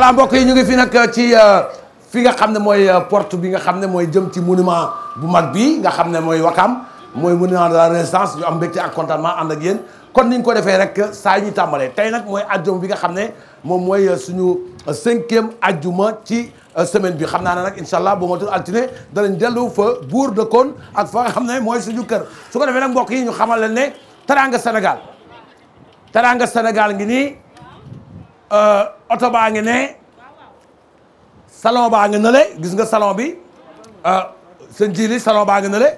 voilà mbokk yi ñu ngi fi nag euh, ci euh, fi nga xam ne mooy euh, porte bi nga xam ne mooy jëm ci monument bu mag bi nga xam ne mooy Wakam mooy monument de la Renaissance ñu am mbégte ak contentement ànd ak yéen kon ni ñu ko defee rek saa ñu tàmbalee tey nag mooy ajjuma bi nga xam ne moom mooy suñu cinquième ajjuma ci semaine bi xam naa ne nag incha allah bu ma tur altine danañ dellu fa buur de kon ak fa xam ne mooy suñu kër su ko defee nag mbokk yi ñu xamal leen ne teraanga Sénégal ngi nii Euh, oto baa ngi ne salon baa ngi nële gis nga salon bi euh, seen jiili salon baa ngi nële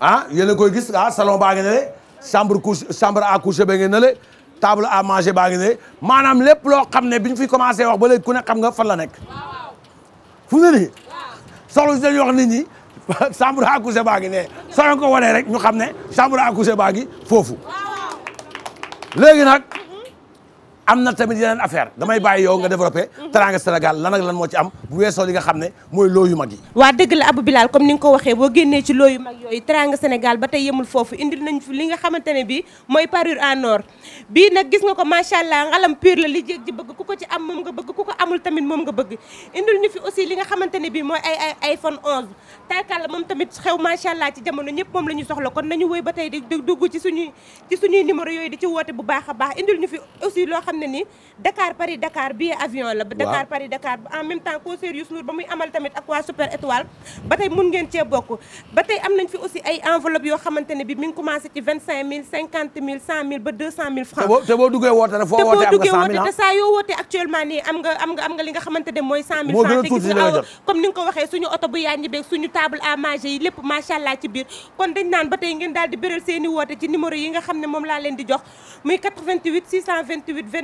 ah yéen a koy gis ah salon baa ngi nële chambre couche chambre à coucher na ngi table à manger baa ngi nële maanaam lépp loo xam ne bi ñu fi commencé wax ba léegi ku ne xam nga fan nekk fu ne nii soxla si dañuy wax nit ñi chambre à baa ngi ne soo ko wanee rek ñu xam ne chambre à coucher baa ngi foofu léegi nag. am na tamit yeneen affaire damay bàyyi yow nga développé teranga Sénégal lan ak lan moo ci am bu weesoo li nga xam ne mooy loo mag yi waa dëgg la Abou Bilal comme ni nga ko waxee boo génnee ci loo mag yooyu teranga Sénégal ba tey yemul foofu indil li nga xamante ne bi mooy parure en or ko macha allah ngalam pur la li bëgg ku ko am moom nga bëgg ku ko amul tamit moom nga bëgg indil ñu fi aussi li nga xamante ne bi mooy ay ay iPhone 11 taakal moom tamit xew macha allah ci jamono ñëpp moom la ñu soxla kon nañu woy ba tey di dugg ci suñuy ci yooyu di ci woote bu baax a baax indil ñu xam ni Dakar Paris Dakar billet avion la. Dakar Paris Dakar en même temps concert Youssou Ndour ba muy amal tamit ak waa Super Étoile ba tey mun ngeen cee bokk ba tey am nañ fi aussi ay enveloppe yoo xamante bi mi ngi commencé ci vingt cinq mille cinquante mille ba deux cent mille francs. te te boo duggee woote rek ah. te saa yoo wootee actuellement nii am nga am nga li nga xamante mooy cent mille francs comme ni nga ko waxee suñu oto bu yaa ñi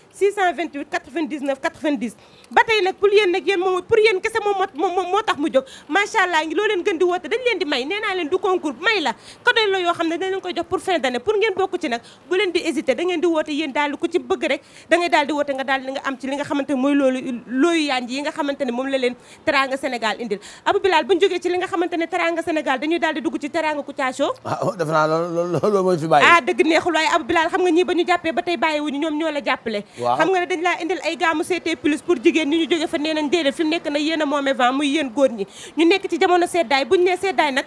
628 99 90 ba tey nag pour yéen nag yéen moom pour yéen kese moom moo moo tax mu jóg macha allah loo leen gën di woote dañ leen di may nee naa leen du concours may la cadeau la yoo xam ne dañ leen koy jox pour fin d'année pour ngeen bokk ci nag bu leen di hésité da di woote yéen daal ku ci bëgg rek da ngay di woote nga daal di nga am ci li nga xamante moom la leen teranga Sénégal indil Abou Bilal li nga xamante ne teranga Sénégal dañuy daal di dugg ci teranga Kouthia Show ah, oh, ah, neexul waaye Abou Bilal nga ñii ba ñu jàppee ba tey bàyyiwuñu ñoom ñoo la xam nga ne dañ laa indil ay gaamu seetee plus pour jigéen ñi ñu jóge fa nee nañ déedéet fi nekk na yéen a moome vent muy góor ñi ñu nekk ci jamono seddaay buñ nee seddaay nag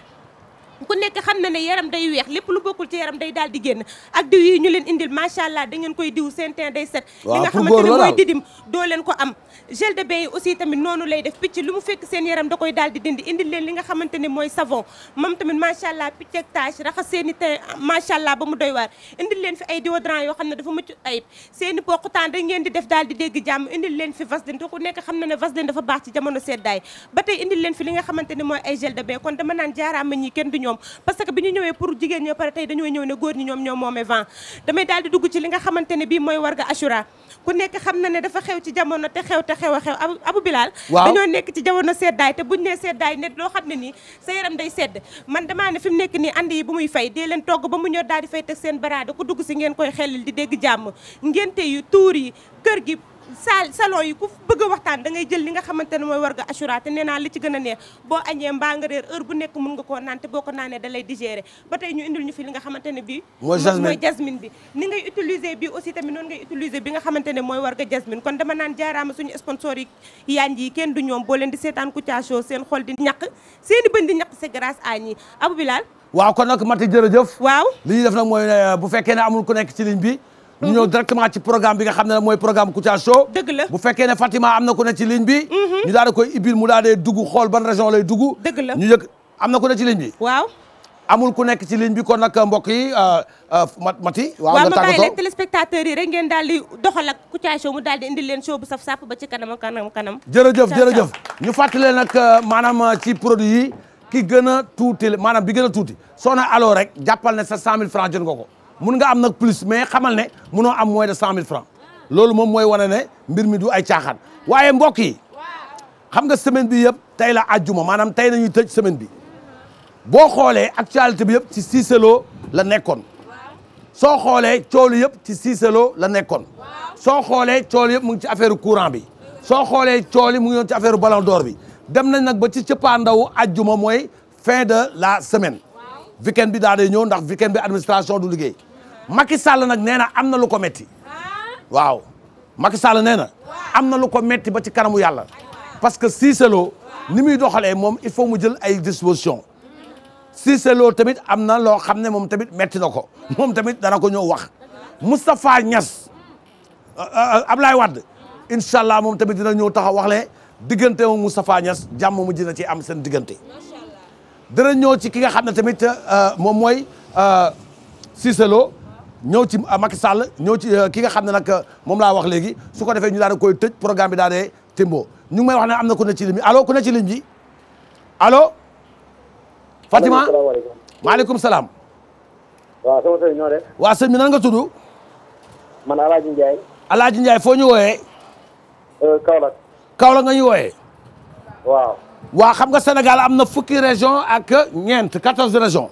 ko nekk xam na ne yaram day weex lépp lu bokkul ci yaram day daal di génn ak diw yi ñu leen indil macha allah da ngeen koy diw seen teint day set li nga xamante mooy doo leen ko am gel de bain yi lu mu fekk seen da koy daal di dindi indil leen li nga xamante ne mooy savon moom tamit macha allah picc ak tache raxas seen i teint macha allah ba mu doy waar indil leen fi ay déodorant yoo xam ne dafa mucc ayib seen i poqutaan da ngeen di def daal di dégg jàmm indil leen fi vaseline te ku nekk xam na ne vaseline dafa baax ci jamono seddaay ba tey indil leen fi ñoom parce que bi ñu ñëwee pour jigéen ñi pare tey dañoo ñëw ne góor ñi ñoom ñoom moomee vent damay daal di dugg ci li nga xamante ne bii mooy warga Achoura ku nekk xam na ne dafa xew ci jamono te xew te xew a xew Abou Bilal dañoo nekk ci jamono seddaay te buñ nee seddaay ne loo xam ne nii sa yaram day sedd man damaa ne fi mu nekk nii indi yi bu muy fay dee leen togg ba mu ñor daal di fay teg seen baraada ku dugg si ngeen koy xelil di dégg jàmm ngénte yi tuur yi kër gi saal salon yi ku bëgg a waxtaan da ngay jël li nga xamante ne mooy warga assura te nee naa li ci gën a neex boo añee mbaa nga réer heure bu nekk mën nga koo naan te boo ko naanee da lay digérer ba tey ñu indil ñu fi li nga xamante ne bii mooy jasmine bi ni ngay utiliser bi aussi tamit noonu ngay utiliser bi nga xamante ne mooy warga jasmine kon dama naan jaaraama suñu sponsor yi yaan yi kenn du ñoom boo leen di seetaan Kouthia Show seen xol di ñaq seen i bën di ñaq c'est eh, bu fekkee ne amul ku nekk bi ñu ñëw directement ci programme bi nga xam ne mooy programme Kouthia Show dëgg la bu fekkee ne Fatima am na ku ne ci ligne bi mhm. ñu daal koy ibil mu daal di xool ban région lay dugg dëgg la ñu yëg am na ku ne ci ligne bi waaw amul ku nekk ci ligne bi kon nag mbokk yi euh, euh, Mati waaw nga tàggatoo waaw ma bàyyi leen téléspectateurs yi rek ngeen daal di doxal ak Kouthia Show mu daal di indil leen show bu saf sàpp ba ci kanam kanam kanam jërëjëf jërëjëf ñu fàttali nag euh, maanaam ci produit yi ki gën a tuuti maanaam bi gën a tuuti soo na rek jàppal ne sa 100000 francs jot nga mun nga am nag plus mais xamal ne munoo am moins de cent loolu moom mooy wane ne mbir mi du ay caaxaan waaye mbokk yi xam nga semaine bi yëpp tey la ajjuma maanaam tey nañuy tëj semaine bi boo xoolee actualité bi yëpp ci Cissé la nekkoon soo xoolee coolu yëpp ci Cissé la nekkoon soo xoolee coolu yëpp mu ngi ci affaire courant bi soo xoolee cool yi mu ngi ci affaire ballon door bi dem nañ nag ba ci cëppaandawu ajjuma mooy fin de la semaine weekend bi daa day ñëw ndax weekend bi administration du liggéey Macky Sall nag nee na am na lu ko metti waaw Macky Sall nee na am na lu ko metti ba ci kanamu yàlla parce que Cissé Lo ni muy doxalee moom il faut mu jël ay disposition Cissé Lo tamit am na loo xam ne moom tamit metti na ko moom tamit dana ko ñëw wax Moustapha Niass euh, euh, Ablaye Wade incha allah moom tamit dina ñëw taxaw wax le diggante moom Moustapha Niass jàmm mu dina ci am seen diggante dana ñëw ci ki nga xam ne tamit euh, moom mooy euh, Cissé Lo ñëw ci euh, Macky Sall ñëw ci ki nga xam ne nag moom laa wax léegi su ko defee ñu daal di koy tëj programme bi daal di ñu ngi may wax ne am na ku na ci ligne bi allo ku ne ci ligne bi allo. Fatima maaleykum salaam. waaw sama sëñ waa sëñ bi nan nga tudd. man El Hadj Ndiaye. El Hadj Ndiaye foo ñu wooyee. kawla kawla nga ñu wooyee. waa xam nga Sénégal am na fukki région ak ñeent quatorze régions.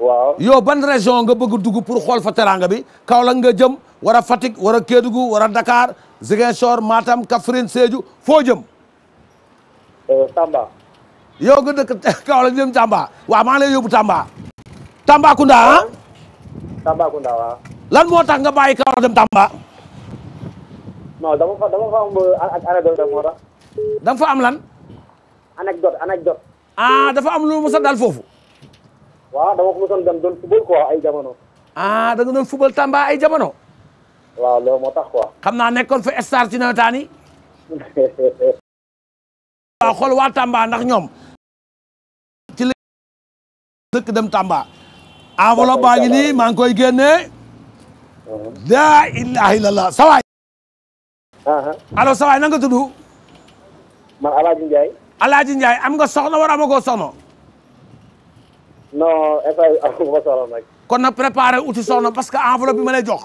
waaw yow ban région nga bëgg dugg pour xool fa teranga bi Kaolack nga jëm wara a Fatick war a Kédougou war a Dakar Ziguinchor Matam Kaffrine Sédhiou foo jëm. Euh, Tamba. yow nga dëkk Kaolack jëm Tamba waaw maa ngi lay Tamba. Tambacounda ah. Tambacounda waaw. lan moo tax nga bàyyi Kaolack dem Tamba. dama am euh, anecdote da nga fa am lan. anecdote anecdote ah dafa am lu mu sa foofu waaw dama ko mosoon ay jamono ah da nga doon Tamba ay jamono waaw loolu moo tax quoi xam naa nekkoon fa star ci nawetaan yi ndax ñoom ci la dëkk dem Tamba enveloppe baa ngi nii maa ngi koy génne uh-huh. laa ilaha illallah sawaay uh-huh. allo sawaay na nga tudd man Alaaji Alaaji Ndiaye am nga soxna war a soxna. non état amagoo soxna nag. kon nag préparé uti soxna parce que enveloppe bi ma lay jox.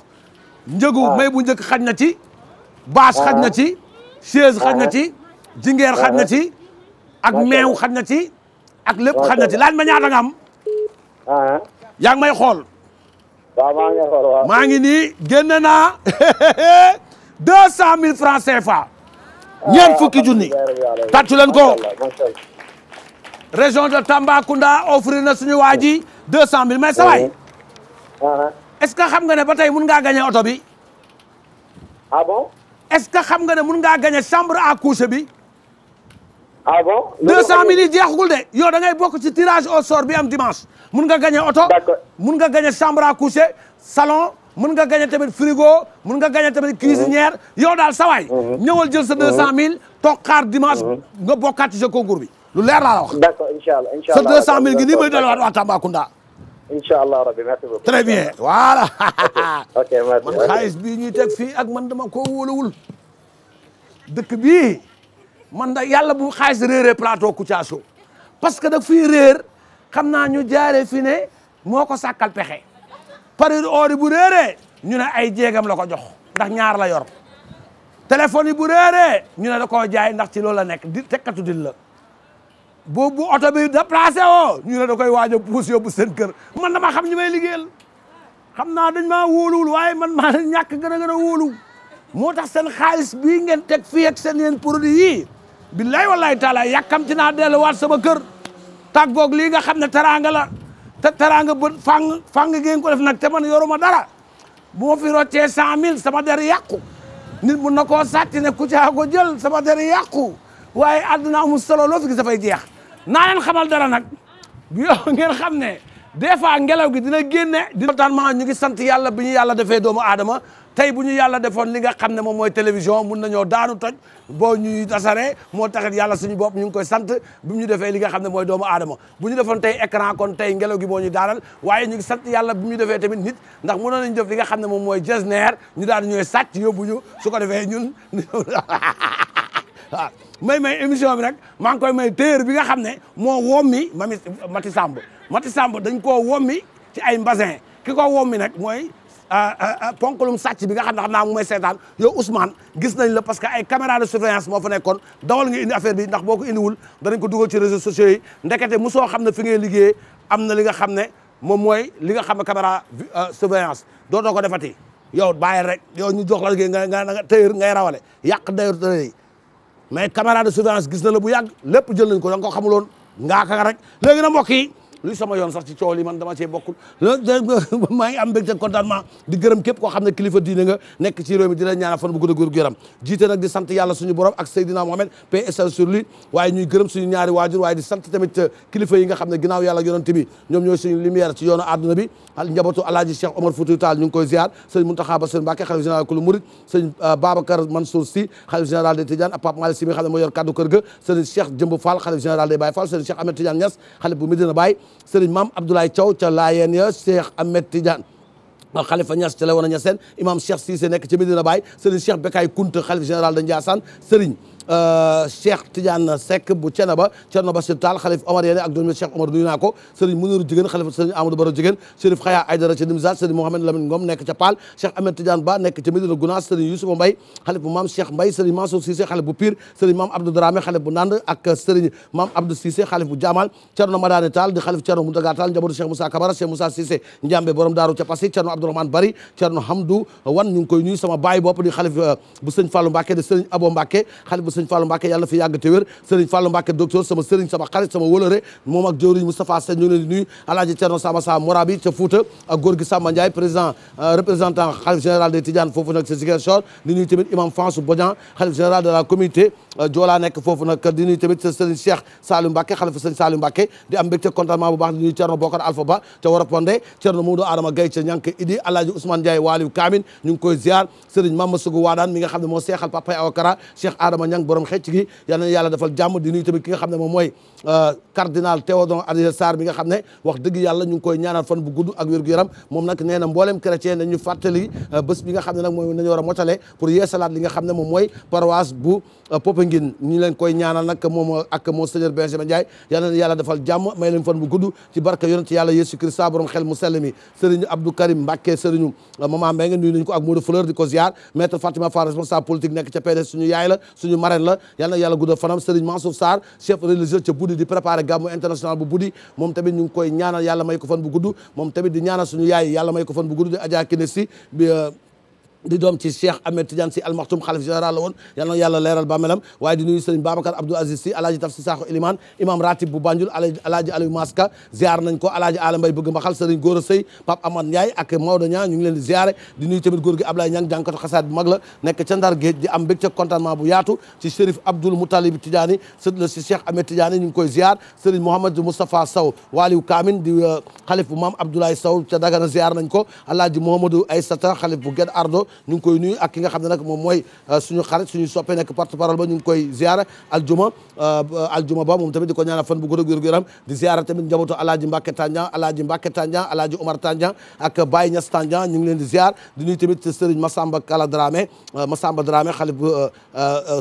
njëgu ah. may bu njëkk xaj na ci. baas xaj na ah. ci. chaise xaj na ah. ci. jingeer xaj na ci. ak meew xaj na ci. ak lépp xaj na ci laaj ma ñaata nga am. yaa ngi may xool. waaw maa ngi ni waaw. maa ngi deux cent mille francs CFA. ñeent fukki ah, junni tàccu leen ko région de Tambacounda offrir na suñu waa ji deux cent uh-huh. est-ce que xam nga ne ba tey mun ngaa gagné oto bi ah est-ce que xam nga ne mun ngaa gagné chambre à coucher bi ah bon deux cent mille yi jeexagul de yow da ngay bokk ci tirage au sore bi am dimanche mun nga gagné oto mun nga gagné chambre à coucher salon mën nga gagné tamit frigo mun nga gagné tamit cuisinière yow daal sawaay mhm. ñëwal jël sa deux cent mhm. mille toog xaar dimanche mhm. nga bokkaat ci sa bi lu leer laa la wax d'accord inchallah inchallah sa deux cent mille gi nii may delluwaat waa Tambacounda inchallah rabbi bien voilà ok merci man xaalis bii ñuy teg fii ak man dama ko wóolawul dëkk bii man da yàlla bu xaalis réeree plateau Kouthia Show parce que da fii xam naa ñu jaaree fi ne moo ko sakkal pexe parure oori bu réeree ñu ne ay jéegam la ko jox ndax ñaar la yor téléphone yi bu réeree ñu ne da koo jaay ndax ci loolu la nekk di tekkatu dil la boobu bu oto bi déplacé woo ñu ne da koy waaj a puus yóbbu seen kër man na dama xam ñi may liggéeyal xam naa dañ maa wóoluwul waaye man maa leen ñàkk gën a a wóolu moo tax seen xaalis bii ngeen teg fii ak seen produit yii billaay wallaay taala yàkkam ci naa delluwaat sama kër tàggoog lii nga xam ne teraanga te teraanga bën fang fang ngeen ko def nag te man yoruma dara bu ma fi roccee cent mille sama der yàqu nit mun na koo sàcc ne ku caa ko jël sama der yàqu waaye àdduna amul solo loo fi gis dafay jeex naa leen xamal dara nag yow ngeen xam ne des fois ngelaw gi dina génne. dina taan maa ñu ngi sant yàlla bi ñu yàlla defee doomu aadama tey bu ñu yàlla defoon li nga xam ne moom mooy télévision mun nañoo daanu toj boo ñuy tasare moo taxit yàlla suñu bopp ñu ngi koy sant bi ñu defee li nga xam ne mooy doomu aadama bu ñu defoon tey écran kon tey ngelaw gi moo ñu daanal waaye ñu ngi sant yàlla bi ñu defee tamit nit ndax mënoon nañu def li nga xam ne moom mooy gestionnaire ñu daal ñooy sàcc yóbbu ñu su ko defee ñun waaw may may émission bi nag maa ngi koy may téer bi nga xam ne moo wommi mami Mati Samb Mati Samb dañ koo wommi ci ay mbasin ki ko wommi nag mooy Ah, ah, ah, ponkalum sàcc bi nga xam ne xam naa mu may seetaan yow Ousmane gis nañ la parce que ay caméra de surveillance moo fa nekkoon dawal nga indi affaire bi ndax boo ko indiwul danañ ko dugal ci réseaux sociaux yi ndekete mosoo xam ne fi ngay liggéeyee am na li nga xam ne moom mooy li nga xam ne caméra euh, surveillance dootoo ko defati yow bàyyi rek yow ñu jox la liggéey nga nga nga tëyër ngay rawale yàq mais caméra de surveillance gis na la bu yàgg lépp jël nañ ko da nga ko xamuloon ngaa ka rek léegi na mbokk yi luy sama yoon sax ci coow li man dama cee bokkul maa ngi am mbégte contentement di gërëm képp koo xam ne kilifa diine nga nekk ci réew mi di la ñaanal fan bu gudd a góor yaram jiite nag di yàlla suñu borom ak Seydina Mohamed paix ñaari waajur waaye di sant euh, kilifa yi nga xam ne ginnaaw yàlla yonent bi ñoom ñooy suñu lumière ci yoonu àdduna bi njabootu alaaji Cheikh Omar Fouti Tall ñu koy ziar sëñ Mountakha Bassirou Mbacké xalif général euh, général des Tidianes ak Pape Malick Sy mi xam général des Baye Fall sëñ Cheikh Ahmed Tidiane bu Medina Baye sëriñ maam Abdoulaye Thiaw ca Laayeen ya Cheikh Ahmed Tidiane xalifa Niass ca la woon a Niassène imam Cheikh Cissé nekk ca Medina Baye sëriñ Cheikh Bekay Kounta xalif général de Ndiassane sëriñ Euh, Cheikh Tidiane Seck bu Thiénaba Thierno Bassir Tall xalif Omar Yene ak doomi Cheikh Omar nuyu naa ko Serigne Mouniru Jigéen xalif Serigne Amadou Baro Jigéen Chérif Khaya Aydara ci Nimza Serigne Mohamed Lamine Ngom nekk ca Paal Cheikh Ahmed Tidiane Ba nekk ca Medina Gounass Serigne Youssoufa Mbaye xalif bu Mame Cheikh Mbaye Serigne Mansour Cissé xalif bu Pire Serigne Madani Tall di xalif Thierno Mountaga Tall njabootu Cheikh Moussa Kabara Cheikh Moussa Cissé Njambe borom daaru sëriñ Fallou Mbacke yàlla na fi yàgg te wér sëriñ Fallou Mbacke docteur sama sëriñ sama xarit sama wólëre moom ak jëwriñ Moustapha Sène ñu leen di nuyu alaaji Thierno Samba Sa Morabi a Fouta ak góor gi Samba Ndiaye président euh, représentant xalif général des Tidiane foofu nag ci Ziguinchor di nuyu tamit imam Fansou Bodian xalif général de la communauté euh, Joola nekk foofu nag di nuyu tamit sëriñ Cheikh Saliou Mbacke xalif sëriñ Saliou di am mbégte contentement bu baax di nuyu Thierno Bokar Alpha Niang borom xecc gi yal defal jàmm di tamit ki nga xam ne moom mooy euh, cardinal Théodore Adrien bi nga xam ne wax dëgg yàlla ñu koy ñaanal fan bu gudd ak wér-gu-yaram moom nag nee mboolem chrétien nañu fàttali euh, bés mooy nañu bu euh, Popenguine ñu leen koy ñaanal nag moom ak Benjamin Ndiaye yal defal jàmm may leen fan bu gudd ci barke yonent yàlla Yesu Christ borom xel mu sell mi Serigne Abdou Karim Mbacke Serigne maman Mbengue nuyu nañu ko ak Modou Fleur la suñu marraine la yàlla na fanam Serigne Mansour Sarr chef religieux ca Budi di préparer gàmmu international bu Budi moom tamit ñu koy ñaanal yàlla may ko fan bu gudd moom tamit di ñaanal suñu yaay yàlla may ko fan bu gudd di Adja Kine di doom ci Cheikh Ahmed Tidiane Sy Al Maktoum xalif général la woon yàlla leeral bàmmeelam waaye di nuyu sëriñ Babacar Abdou Aziz Sy alaaji taf si saaxo Iliman imam ratib bu Banjul alaaji alaaji Maska ziar nañ ko alaaji Ala Mbaye bëgg mbaxal sëriñ Gora Seye Pape Amad Ndiaye ak Maodo Niang ñu ngi leen di ziare di nuyu tamit góor gi Ablaye Niang jànkatu xasaat bu mag la nekk ca Ndar géej am mbégte contentement bu yaatu ci Chérif Abdoul Moutalib Tidiane sët la si Cheikh Ahmed Tidiane ñu ngi koy ziar sëriñ Mouhamad Moustapha Sow Waliou Kamin di euh, xalif bu maam Abdoulaye Sow ca Dagana ziar nañ ko alaaji Mouhamadou Aysata xalif bu Guet Ardo ñu ngi koy nuyu ak ki nga xam ne nag moom mooy euh, suñu xarit suñu soppe nekk porte parole ba ñu ngi koy ziara aljuma euh, aljuma ba moom tamit di ko ñaanal fan bu gudd ak wér gu yaram di ziara tamit njabootu alaaji Mbacke Tandian alaaji Mbacke Tandian alaaji Omar Tandian ak Baye Niass Tandian ñu ngi leen di ziar di nuyu tamit Serigne Massamba Kala Dramé euh, Massamba Dramé xalif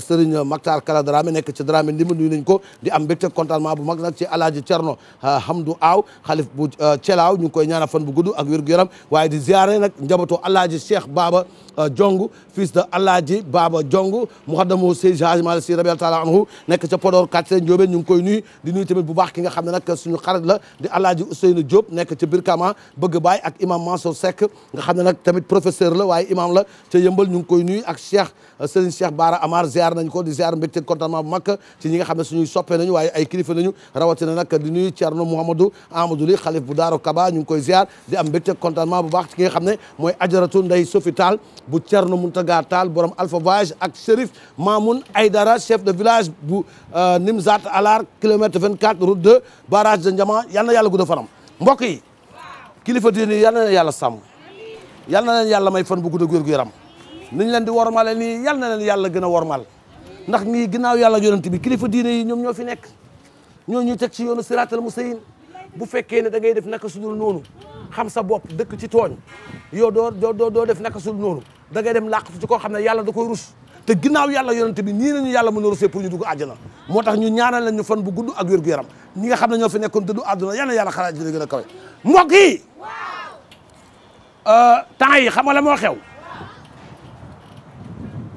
Serigne Maktar Kala Dramé nekk ci Dramé ndimba nuyu nañ ko di am mbégte contentement bu mag nag ci alaaji Cerno Hamdu Aaw xalif bu Thelaaw ñu ngi koy ñaanal fan bu gudd ak wér gu waaye di ziare nag njabootu alaaji Cheikh Baba Euh, Jong fils de Alaaji baaba Jong muxaddamu Seydi Hadji Malick Sy rabiyallahu taala anhu nekk ca Podor quartier Ndiobène ñu ngi koy nuyu di nuyu tamit bu baax ki nga xam ne nag suñu xarit la di Alaaji Ousseynou Diop nekk ca Birkama bëgg baay ak imam Mansour Seck nga xam ne nag tamit professeur la waaye imam la ca yëmbal ñu ngi koy nuyu ak Cheikh sëriñ Cheikh Baara Amar ziar nañ ko di ziar mbégte contentement bu mag ci ñi nga xam ne su suñuy soppe nañu waaye ay kilifa nañu rawatina nag di nuyu Thierno Mouhamadou Amadou Li xalif bu Daaro Kaba ñu ngi koy ziar di am mbégte contentement bu baax ci ki nga xam ne mooy ajaratu Ndey Sofi Taal bu Thierno Muntaga Taal borom Alpha Voyage ak Chérif ay dara chef de village bu euh, Nimzat Alar kilomètre 24 route 2 barrage de Ndiama yal na yàlla gudd fanam mbokk yi kilifa diine yal na leen yàlla sàmm yal na leen yàlla may fan bu gudd ak wér nañu leen di wormale nii yal na leen yàlla gën a wormal ndax nii ginnaaw yàlla yonent bi kilifa diine yi ñoom ñoo fi nekk ñoo ñuy teg ci yoonu siraatal mustaqiim bu fekkee ne da ngay def naka sudul noonu xam sa bopp dëkk ci tooñ yow doo doo doo def naka sudul noonu da ngay dem làqatu ci koo xam ne yàlla du ko rus te ginnaaw yàlla yonent bi nii nañu yàlla mën a rusee pour ñu dugg àjjana moo tax ñu ñaanal leen ñu fan bu gudd ak wér gu ñi nga xam ne ñoo fi nekkoon du àdduna yal na yàlla xalaat dina gën a kawe mbokk yi euh, temps yi xam nga la moo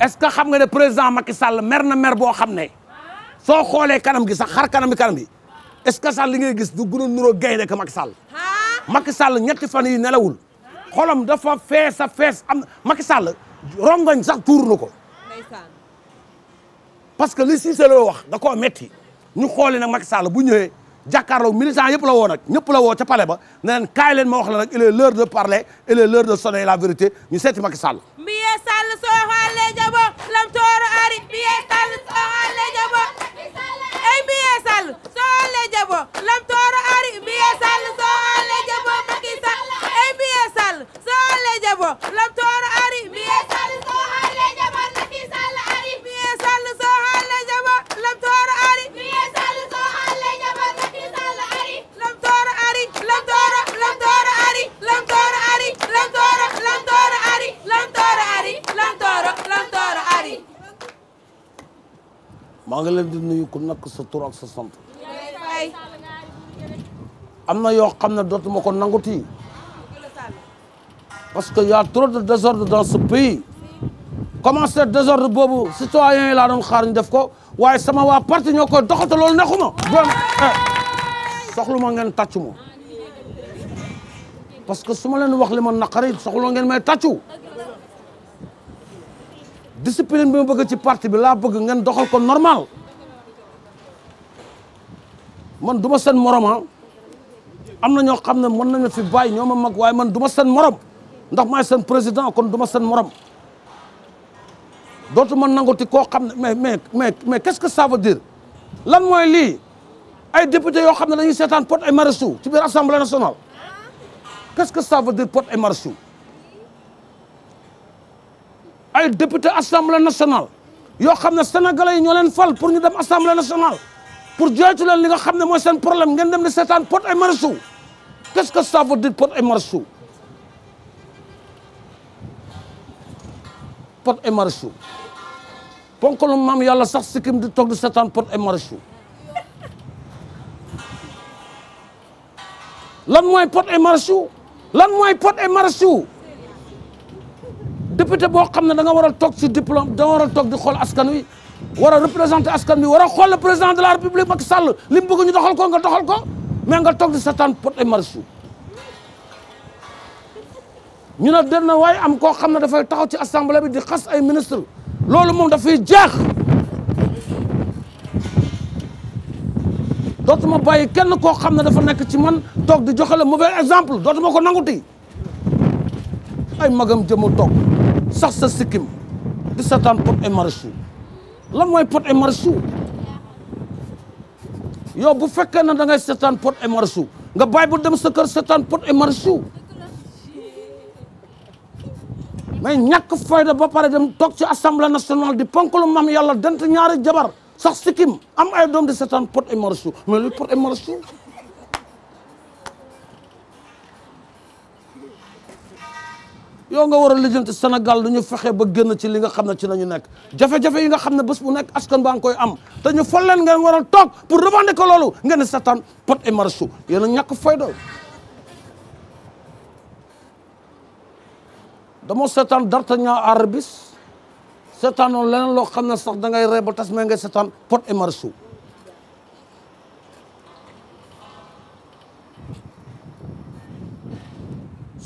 est-ce que xam nga ne président Macky Sall mer na mer boo xam ne soo xoolee kanam gi sax xar kanam bi kanam bi est-ce que sax li ngay gis du gën a nuroo gaynde ka Macky Sall Macky Sall ñetti fan yi nelawul xolam dafa fees a fees am Macky Sall rongoñ sax tuur na ko parce que li Cissé Lo wax da koo metti ñu xooli nag Macky Sall bu ñëwee jàkkaarloo militant yëpp la woo nag ñëpp la woo ca pale ba ne leen kaay leen ma wax la nag il est l'heure de parler il est de sonner la vérité ñu seeti Macky Sall jabo lam tooro ari biye sall so alle jabo lam tooro ari biye sall so alle jabo Macky Sall ey biye sall so alle jabo lam tooro ari biye maa ngi leen di nuyu ku nekk sa tur sa sant am na yoo xam ne dootuma ko nanguti parce que y a trop de désordre dans ce pays commencé désordre boobu citoyens yi laa doon xaar ñu def ko waaye sama waa parti ñoo koy doxata loolu neexuma eh, soxlu ma ngeen tàccu ma parce que su ma leen wax li ma naqari soxlu ngeen may tàccu discipline bi ma bëgg ci parti bi laa bëgg ngeen doxal ko normal man du ma seen morom ah. am na ñoo xam ne mën nañu fi bàyyi ñoo ma mag waaye man du ma seen morom ndax may seen président kon du ma seen morom dootuma nangoti koo xam ne mais mais mais mais qu'est-ce que ça veut dire lan mooy lii ay député yoo xam ne dañuy seetaan Pod et Marichou ci biir assemblée nationale qu'est-ce que ça veut dire Pod et Marichou ay député assemblée national yoo xam ne sénégalais yi ñoo leen fal pour ñu dem assemblée nationale pour joytu leen li nga xam ne mooy seen problème ngeen dem di seetaan pot ay maraichou qu'est-ce que ça veut dire pot ay maraichou pot ay maraichou ponkalu maam yàlla sax sikkim di toog di seetaan pot ay maraichou lan mooy port ay maraichou lan mooy pot ay maraichou député boo xam ne da nga war a toog si diplôme da nga war a toog di xool askan wi war a représenté askan wi war a xool le président de la république Macky Sall li mu ñu doxal ko nga doxal ko mais nga toog di seetaan Pod et Marichou ñu ne dem na waaye am koo xam ne dafay taxaw ci assemblée bi di xas ay ministre loolu moom dafay jeex ma bàyyi kenn koo xam ne dafa nekk ci man toog di joxe le mauvais exemple dootuma ko nanguti ay magam jëma toog sax sa sikkim di seetaan Pod et Marichou lan mooy Pod et Marichou yow bu fekkee ne da ngay seetaan Pod et Marichou nga bàyyi bu dem sa kër seetaan Pod et Marichou mais ñàkk fayda ba pare dem toog ci assemblée nationale di ponk lu mam yàlla dent ñaari jabar sax sikkim am ay doom di seetaan Pod et Marichou mais luy Pod et Marichou yow nga war a lijjanti Sénégal lu ñu fexe ba génn ci li nga xam ne ci la ñu nekk jafe-jafe yi nga xam ne bés bu nekk askan baa ngi koy am te ñu fal leen ngeen war a toog pour revendiquer loolu ngeen di seetaan pot et marchou yéen a ñàkk fayda dama seetaan d'Artagnan Arabis seetaanoon leneen loo xam ne sax da ngay ree ba tas mais ngay seetaan pot et marchou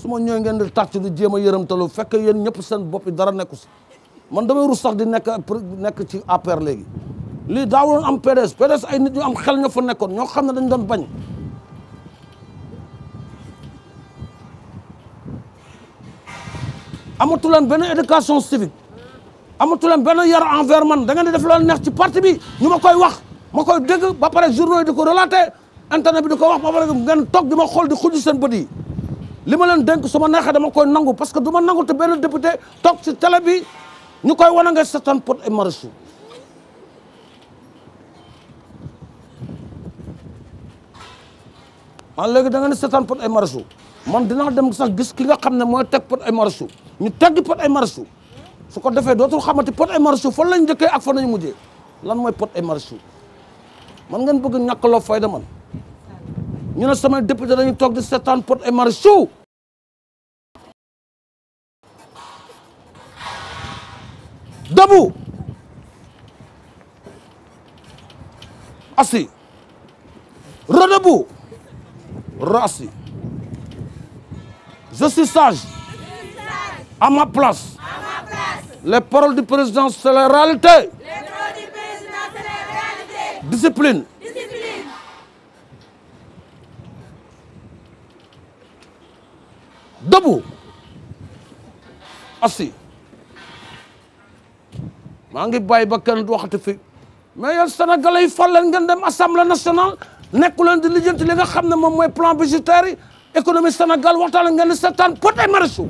moo ma ngeen di tàcc di jéem a yërëmtalu fekk yen ñëpp seen boppi dara nekku si man damay rus sax di nekk nekk ci APR léegi lii daawoon am PDS PDS ay nit ñu am xel ñoo fa nekkoon ñoo xam ne dañ doon bañ amatu leen benn éducation civique amatu leen benn yar envers man da di def loolu neex ci parti bi ñu ma koy wax ma koy dégg ba pare journaux yi di ko relaté internet bi di ko wax ba pare ngeen toog di ma xool di xuj seen bët yi li ma leen dénk su ma neexee dama koy nangu parce que du ma nangu te benn député toog ci télé bi ñu koy wane nga seetaan Pod et Marichou man léegi da nga ne seetaan Pod et Marichou man dinaa dem sax gis ki nga xam ne mooy teg Pod et Marichou ñu teggi Pod ay Marichou su ko defee dootul xamante Pod ay Marichou fan lañ njëkkee ak fan lañ mujjee lan mooy pot ay Marichou man ngeen bëgg ñàkk loo fayda man ñu ne samay député dañuy toog di seetaan Pod et Marichou debout assis redebout re-assis je suis sage à ma place les paroles du président c'est la réalité discipline debout assis maa ngi bàyyi ba kenn waxati fi mais yéen sénégalais ngeen dem assemblée nationale nekku leen di lijjanti li nga xam ne moom mooy plan budgétaire yi économie Sénégal waxtaan ngeen di seetaan Pod et Marichou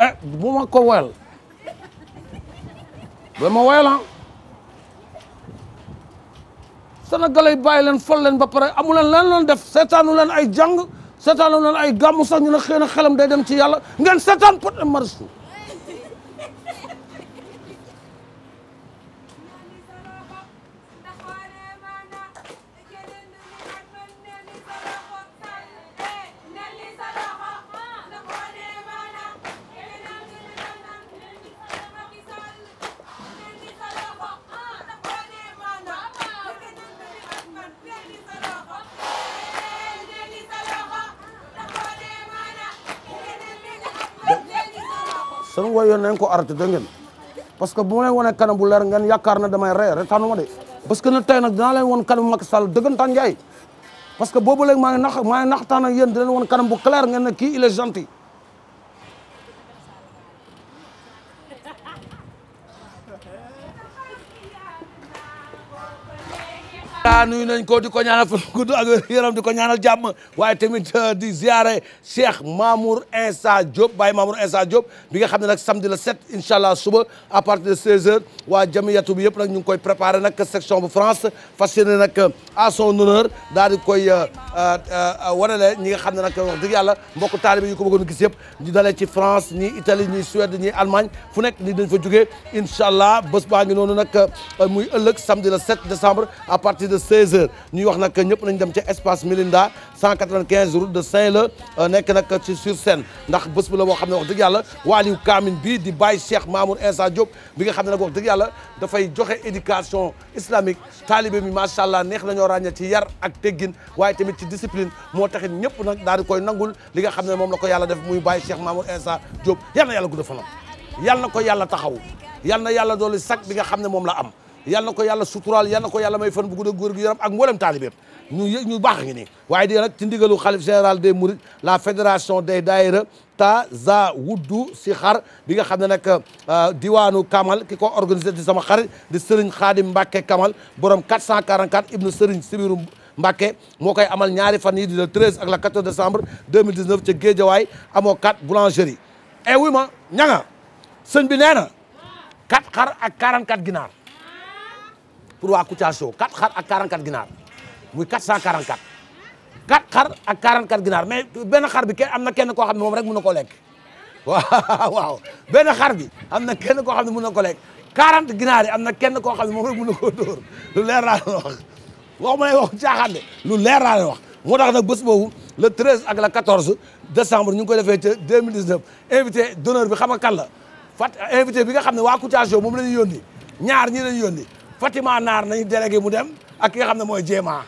eh bu ma ko woyal ba ma woyal ah sénégalais yi bàyyi leen fal leen ba pare amu leen lan loon def seetaanu leen ay jàng seetaanam leen ay gàmmu sax ñu ne xëy na xelam day dem ci yàlla ngeen seetaan pot marché sama woy yoon nañ ko arrêté dégg ngeen parce que bu may wane kanam bu leer ngeen yaakaar na damay ree retaanu ma de parce que nag tey nag dinaa leen won kanam Macky Sall dëggantaan Ndiaye parce que boobu léegi maa ngi nax maa ngi naxtaan ak yéen di leen won kanam bu clair ngeen na ki il est Moussa nuyu nañ ko di ko ñaanal fan gudd ak wér yaram di ko ñaanal jàmm waaye tamit euh, di ziare Cheikh Mamour Insa Diop Baye Mamour Insa Diop bi nga xam ne nag samedi le 7 incha allah suba à partir de 16h waa jamiyatu bi yëpp nag ñu ngi koy préparé nag section bu France fas yéene nag euh, à son honneur daal di koy euh, wanale ñi nga xam ne nag wax dëgg yàlla mbokk taalibe yu ko bëggoon gis yëpp ñu dalee ci France ñi Italie ñi Suède ñi Allemagne fu nekk ni dañ fa jógee incha allah bés baa ngi noonu nag muy ëllëg samedi le 7 décembre à partir de 16h ñuy wax nag ñëpp nañ dem ca espace Milinda 195 route de Saint-Leu euh, nekk nag ci sur scène ndax bés bu la boo xam ne wax dëgg yàlla waaliyu kaamin bi di Baye Cheikh Mamour Insa Diop bi nga xam ne nag wax dëgg yàlla dafay joxe éducation islamique taalibe mi macha allah neex nañoo ràññee ci yar ak teggin waaye tamit ci discipline moo taxit ñëpp nag daal di koy nangul li ga xam ne moom la ko yàlla def muy Baye Cheikh Mamour Insa Diop yal na yàlla gudd na ko yàlla taxaw yal na yàlla doolu sac bi nga xam ne moom la am yal na ko yàlla suturaal yal na ko may fan bu gudd ak góor gu yaram ak mboolem taalibeem ñu ñu baax ngi nii waaye di nag ci ndigalu xalif général de mourides la fédération des daayira ta za wuddu si xar bi nga xam ne nag euh, diwaanu Kamal ki ko organisé di sama xarit di Serigne Khadim Mbacke Kamal borom 444 ibnu Serigne Sibiru Mbacke moo koy amal ñaari fan yi di le 13 ak le 14 décembre 2019 ca waay amoo 4 boulangerie. eh wuy ma ña nga bi nee na 4 xar ak 44 ginaar. pour waa Kouthia Show 4 xar ak 44 ginaar muy 444 4 xar ak 44 ginaar mais benn xar bi kenn am na kenn koo xam ne moom rek mën na koo lekk waaw waaw benn xar bi am na kenn koo xam ne mën na ko lekk 40 ginaar yi am na kenn koo xam ne moom rek mën na koo dóor lu leer laa leen wax waxuma lay wax caaxaan de lu leer laa leen wax moo tax nag bés boobu le 13 ak le 14 décembre ñu ngi koy defee ca 2019 invité d'honneur bi xam nga kan la fat invité bi nga xam ne waa Kouthia Show moom la ñuy yónni ñaar ñii la ñuy yónni Fatima Naar nañu délégué mu dem ak ki nga xam ne mooy Jéema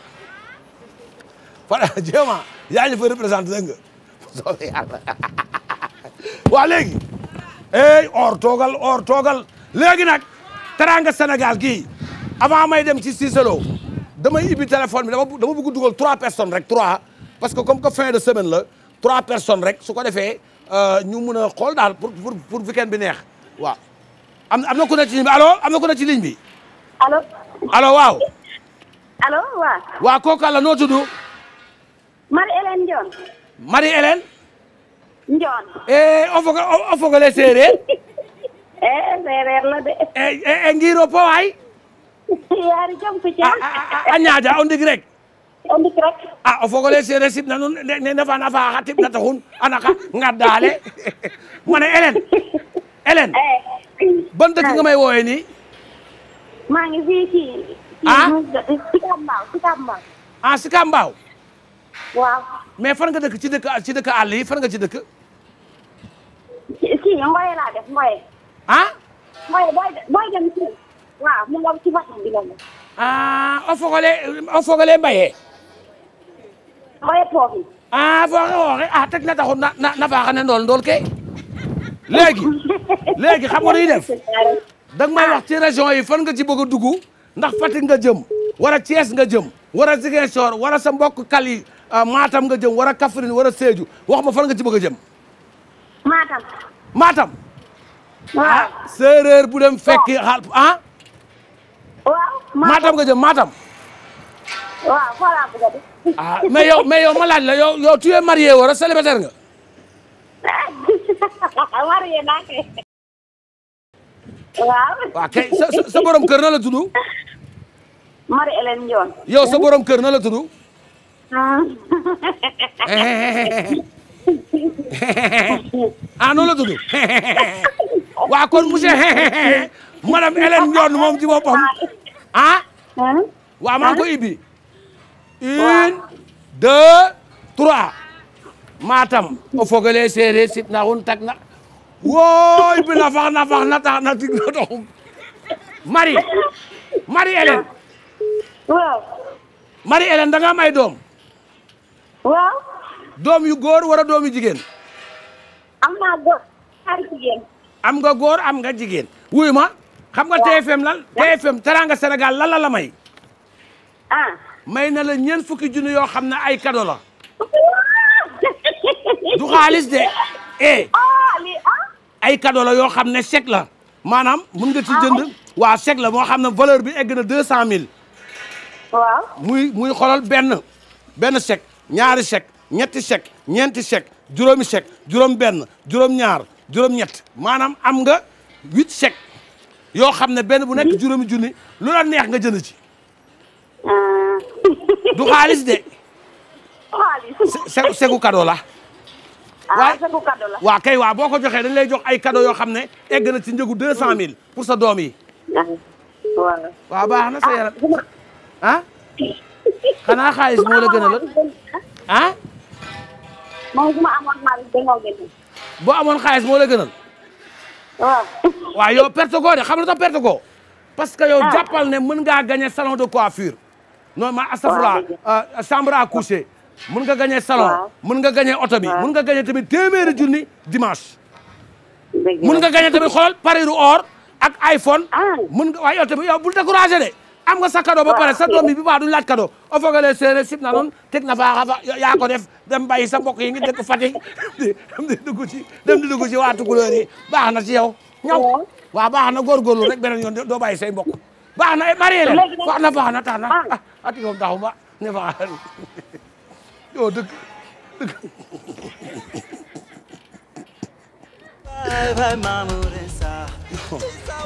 Fatima Jéema yaa ñu fa représenté dégg nga soobee waa léegi ey or toogal or toogal léegi nag teranga Sénégal gii avant may dem ci Cicelo damay ibbi téléphone bi dama dama bëgg dugal trois personnes rek trois parce que comme que fin de semaine la trois personnes rek su ko defee euh, ñu mun a xool daal pour pour pour weekend bi neex waaw am am na ku ci ligne bi allo na ci ligne bi allo. allo waaw. allo waaw. waaw kooku àll noo tudd. Marie Hélène Ndione. Marie o fogole séeréer. eh séeréer la a eh, eh, eh, ah, ah, ah, ñaaja o ndig rek. o ndik rek. ah o fogole séeréer sibna nuun ne nafa nafa xa tibna taxun a naka ngaddaale. ma ne Hélène. Hélène. ban dëkk nga may woowee nii. maa ngi fii ci. ah Sicap Mbao Sicap Mbao. fan nga dëkk ci dëkk ci dëkk àll yi fan nga ci dëkk. ci Ngoye laa def Ngoye. ah. Ngoye booy booy dem ci. waaw ah, ah, ah, na taxu na na faaxa ndool ndool ke léegi léegi xam nga nuy def. da may ah. wax ci région yi fan nga ci bëgg a dugg ndax Fatick nga jëm wala Thiès nga jëm wala Ziguinchor wara sa mbokk kal yi ah, Matam nga jëm wala Kaffrine wala Sédhiou wax ma fan nga ci bëgg a jëm. Matam. Matam. waaw ah, séeréer bu dem fekki xaal ah. nga jëm Matam. waaw foo laa a yow mais yow ma laaj la yow yow tu es marié nga. waaw. waaw kay sa sa borom kër na la tudd. Marie na la tudd. ah noonu la tudd. waaw kon monsieur madame moom ci boppam ah. waaw maa ko ibbi. une deux trois. Matam o fogole séeréer sib na wóoy bi nafax nafax natax na tig na doxum Marie Marie Hélène waaw Marie Hélène da nga am doom waaw doom yu góor wala doom yu jigéen am am nga góor am nga jigéen wuyu xam nga TFM lan TFM Teranga Sénégal lan la la may ah. may na la ñeent fukki junni yoo xam ne ay cadeau du xaalis de eh ah, ah. ay cadeau la yoo xam ne chèque la maanaam mun nga ci ah, jënd waa chèque la moo xam ne valeur bi egg na deux cent mille muy muy xoolal benn benn sek ñaari sek ñetti sek ñeenti sek juróomi chèque juróom benn juróom ñaar juróom ñett maanaam am nga huit chèques yoo xam ne benn bu nekk juróomi junni lu la neex nga jënd ci du xaalis de. xaalis segu cadeau la. Ah, waaw njëgu cadeau boo ko joxee dañ lay jox ay cadeau yoo xam ne egg na ci njëgu deux cent mille pour sa doom yi ah, waaw waaw sa yaram ah, ah xanaa xaalis moo la gën a loon amoon xaalis boo amoon xaalis moo la gënal waaw waaw yow perte ko de xam nga tax perte ko parce que yow jàppal ne mën ngaa gagner salon de coiffure non ma astafurlah euh, chambre à coucher mun nga gañee salon mun nga gañee oto bi mun nga gañee tamit téeméeri junni dimanche mun nga gañee tamit xool pariru or ak iPhone ah. mun nga waaye oto bi yow bul découragé de am nga sa cadeau ah, pare sa doom bi bi baa duñ laaj cadeau o fogole séeré sib na noon teg na faaxa yaa ko def dem bàyyi sa mbokk yi ngi dëkk Fatick dem di dugg ci dem di dugg ci waa tukulóor yi baax na ci yow ñaw ah. waaw baax na góorgóorlu rek beneen yoon doo bàyyi say mbokk baax na marié leen wax na baax na a na ah ne faa yoo dëgg dëgg.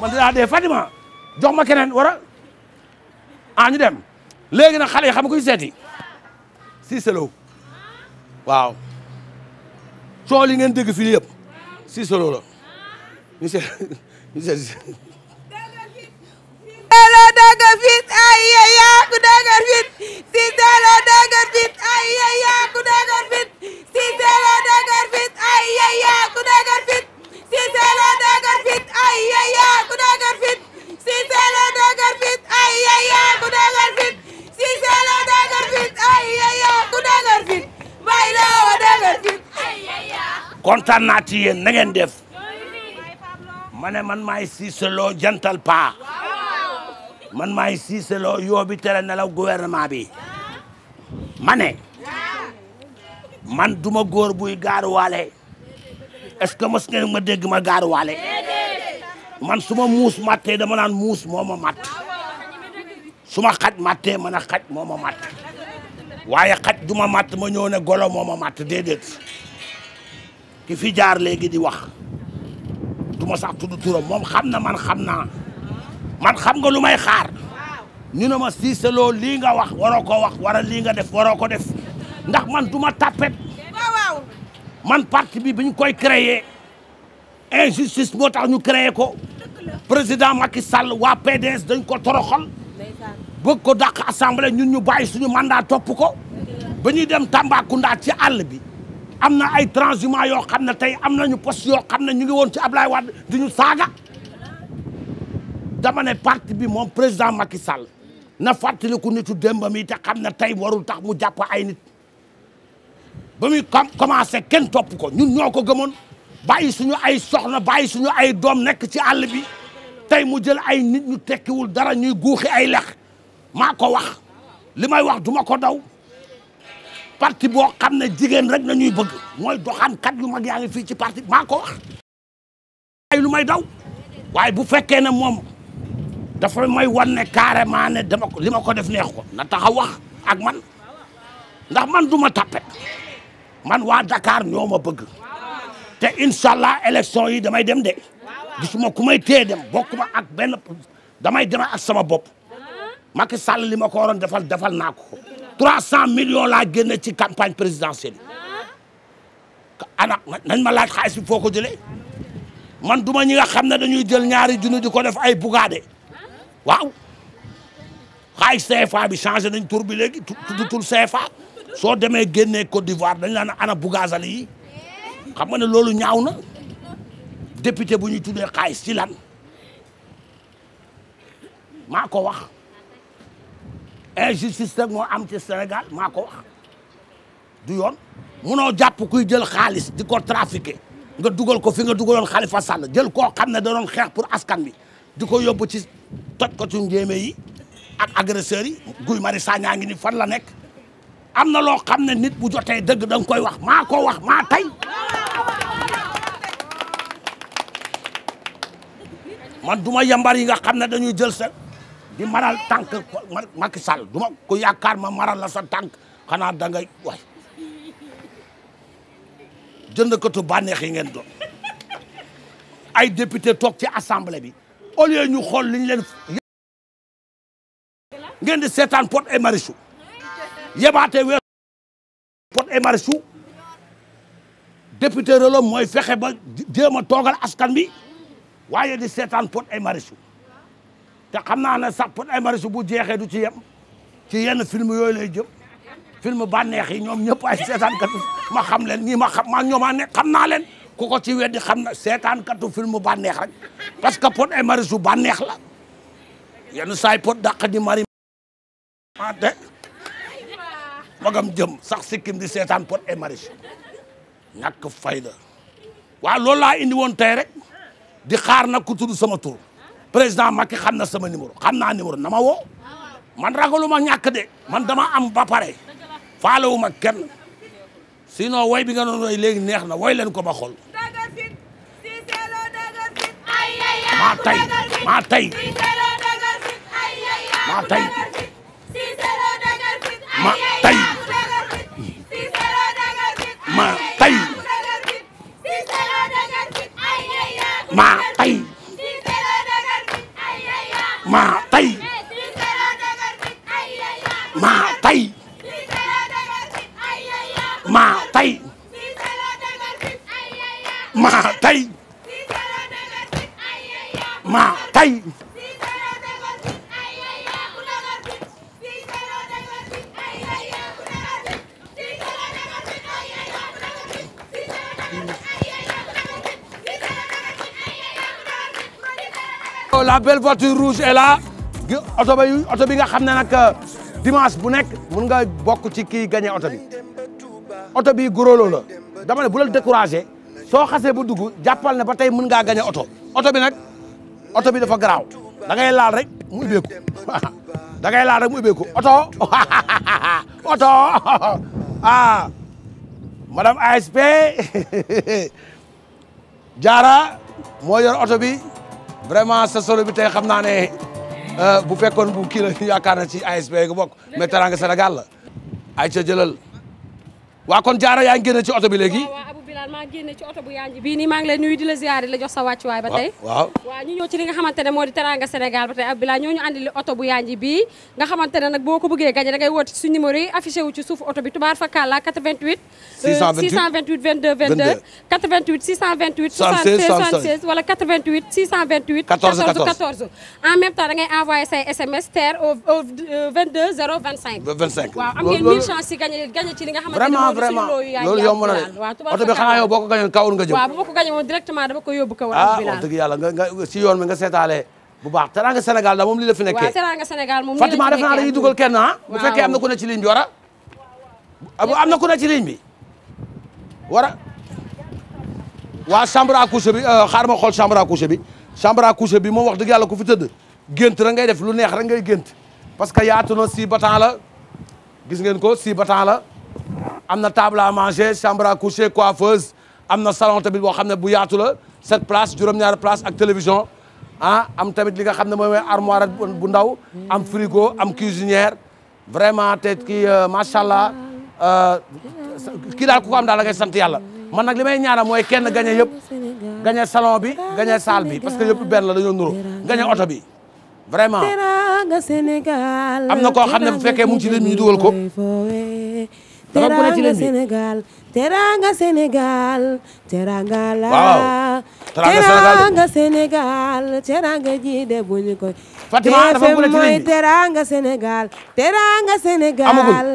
man dinaa dee Fatima jox ma keneen wara aañu ah, dem léegi na xale yi xam nga kuy seeti Cissé Lo waaw coow li ngeen dégg fii yëpp Cissé la ñu seet ñu Sitelo dëgër fit ay yaa ku dëgër fit Sitelo dëgër fit ay yaa ku dëgër fit Sitelo dëgër fit ay yaa ku dëgër fit Sitelo dëgër fit ay yaa ku dëgër fit Sitelo dëgër fit ay yaa ku dëgër fit Sitelo dëgër fit ay yaa ku dëgër fit Mbayloo dëgër fit kontaan naa ci yéen na ngeen def ma ne man maay Cissé Lo jantal paa man maay Cissé Lo yoobi tere nelaw gouvernement bi ma ne man duma góor buy gaaruwaale est-ce que mos ngeen ma dégg ma gaaruwaale man su ma muus mattee dama naan muus moo ma matt su ma xaj mattee man a xaj moo ma matt waaye xaj du ma matt ma ñëw ne golo moo ma matt déedéet ki fi jaar léegi di wax du ma sax tudd moom xam na man xam naa man xam nga lu may xaar ñu ne ma Cissé Lo lii nga wax waroo ko wax wara lii nga def waroo ko def ndax man du ma tapet man parti bi bi ñu koy créer injustice moo tax ñu créer ko président Macky Sall waa PDS dañ ko toroxal bëgg ko dàq assemblée ñun ñu bàyyi suñu mandat topp ko ba ñuy dem Tambacounda ci àll bi am na ay transhumants yoo xam ne tey am ñu post yoo xam ne ñu ngi woon ci Ablaye Wade di ñu saaga dama ne parti bi moom président Macky Sall na fàttaliku nitu démbam mii te xam na tey warul tax mu jàpp ay nit ba muy commencé kenn topp ko ñun ñoo ko gëmoon bàyyi suñu ay soxna bàyyi suñu ay doom nekk ci àll bi tey mu jël ay nit ñu tekkiwul dara ñuy guuxi ay lex maa ko wax li may wax duma ko daw parti boo xam ne jigéen rek na ñuy bëgg mooy doxaankat yu mag yaa ngi fii ci parti maa ko wax ay lu may daw waaye bu fekkee ne moom dafa may wan ne carrément ne dama ko li ko def neex ko na taxaw wax ak man ndax man du ma tappe man waa Dakar ñoo ma bëgg te incha allah élection yi damay dem de gisuma ku may téye dem bokk ma ak benn damay dem ak sama bopp Macky Sall li ma ko waroon defal defal naa ko 300 millions laa génne ci campagne présidentielle ana nañ ma laaj xaalis bi foo ko jëlee man duma ñi nga xam ne dañuy jël ñaari junni di ko def ay bugaade waaw xaalis CFA bi changé nañ tur bi léegi tuddutul CFA soo demee génnee Côte d'Ivoire dañ naan ana Bougazelli yi xam nga ne loolu ñaaw na député bu ñu tuddee xaalis ci lan maa ko wax injustice rek moo am ci Sénégal maa ko wax du yoon munoo jàpp kuy jël xaalis di ko trafiqué nga dugal ko fi nga dugaloon fa Sall jël koo xam ne da doon xeex askan bi di ko yóbbu ci toj ko suñu jéeme yi ak agresseurs yi Guy Marius Sagna ngi ni fan la nekk am na loo xam ne nit bu jotee dëgg da koy wax maa ko wax maa tey man duma ma yambar yi nga xam ne dañuy jël sa di maral tànk Macky Sall du ma ko yaakaar ma maral la sa tànk xanaa da ngay waay jëndkatu bànneex yi ngeen doon ay député toog ci assemblée bi au lieu ñu xool liñ leen ngeen di seetaan Pod et Marichou yebaate weer Pod et Marichou député relom mooy fexe ba jéem a toogal askan bi waaye di seetaan Pod et Marichou xam naa ne sax Pod et bu jeexee du ci yem ci yenn film yooyu lay jëm film bànneex yi ñoom ñëpp ay seetaankatu ma xam leen ñi ma xam maa ñoom nekk xam naa leen ku ko ci weddi xam na seetaankatu film bànneex rek parce que pot ay marisu bànneex la yenn saay pot dàq di jëm sax sikkim di seetaan pot ay maris ñàkk fayda waaw loolu laa indi woon tey rek di xaar na ku tudd sama tur président Macky xam na sama numéro xam na numéro na ma woo man ragaluma ñàkk de man dama am ba pare faalewuma kenn sinon way bi nga doon way léegi neex na way leen ko ba xool maa tay maa tay maa tay ma tay ma tay ma tay ma tay ma tay ma tay ma tay ma tay oh, la belle voiture rouge est oto bi nga xam ne nag euh, dimanche bu nekk mun nga bokk ci kii gagné oto bi oto bi góoróoloo la dama bu la découragé soo xasee bu dugg jàppal ne ba tey mun ngaa gagné oto oto bi nag oto bi dafa garaaw da ngay laal rek mu ubbeeku da ngay laal oto oto ah madame ASP jaara moo yor oto bi vraiment sa solo bi tey xam naa ne euh, bu fekkoon bu kii la yaakaar na ci ASP nga bokk mais Teranga Sénégal la ay ca jëlal waa kon jaara yaa ngi ci oto bi léegi daal maa génne ci oto bu yanj bii nii maa ngi lay nuyu di la ziyaare la jox sa wàccuwaay ba tey waaw waaw ñu ñëw li nga bu yanj bii nga xamante ne nag boo ko bëggee gañe da ngay woote ci suñu numéro ci suuf oto bi tubaar fakalla 88 628 22 22 88 628 76 76 wala 88 628 14 14 en même temps da ngay envoyé say SMS TER au 22 025 25 waaw am ngeen mille chance si gañe gañe ci li nga xanaa yow boo ko gañoon kawoon nga jëm waaw ah, si yoon bi nga seetaale bu baax teranga Sénégal da moom lii la fi nekkee waaw teranga Sénégal moom Fatima def naa dugal kenn ah? bu fekkee am na ku ne ci ligne bi war a na ku ne ci ligne bi waa chambre à coucher bi euh, xaar ma xool chambre à coucher bi bi moom wax dëgg yàlla ku fi tëdd gént rek ngay def lu neex rek ngay gént parce que yaatu na si gis ngeen ko si batan am na table à manger chambre à coucher coiffeuse am na salon tamit boo xam ne bu yaatu la sept places juróom-ñaari place ak télévision ah am tamit li nga xam ne mooy armoire bu ndaw am frigo am cuisinière vraiment te ki euh, macha allah euh, kii daal ku ko am daal da ngay sant yàlla man nag li may ñaanal mooy kenn gagné yëpp gagné salon bi gagné salle bi parce que yëpp benn la dañoo nuro gagné oto bi vraiment am na koo xam ne bu fekkee mu ngi ci ñu dugal ko. teraanga Sénégal teraanga Sénégal teraanga la. waaw teraanga Sénégal teraanga ji de buñu koy. Fatima dafa bële ci mooy teraanga Sénégal teraanga Sénégal. amagul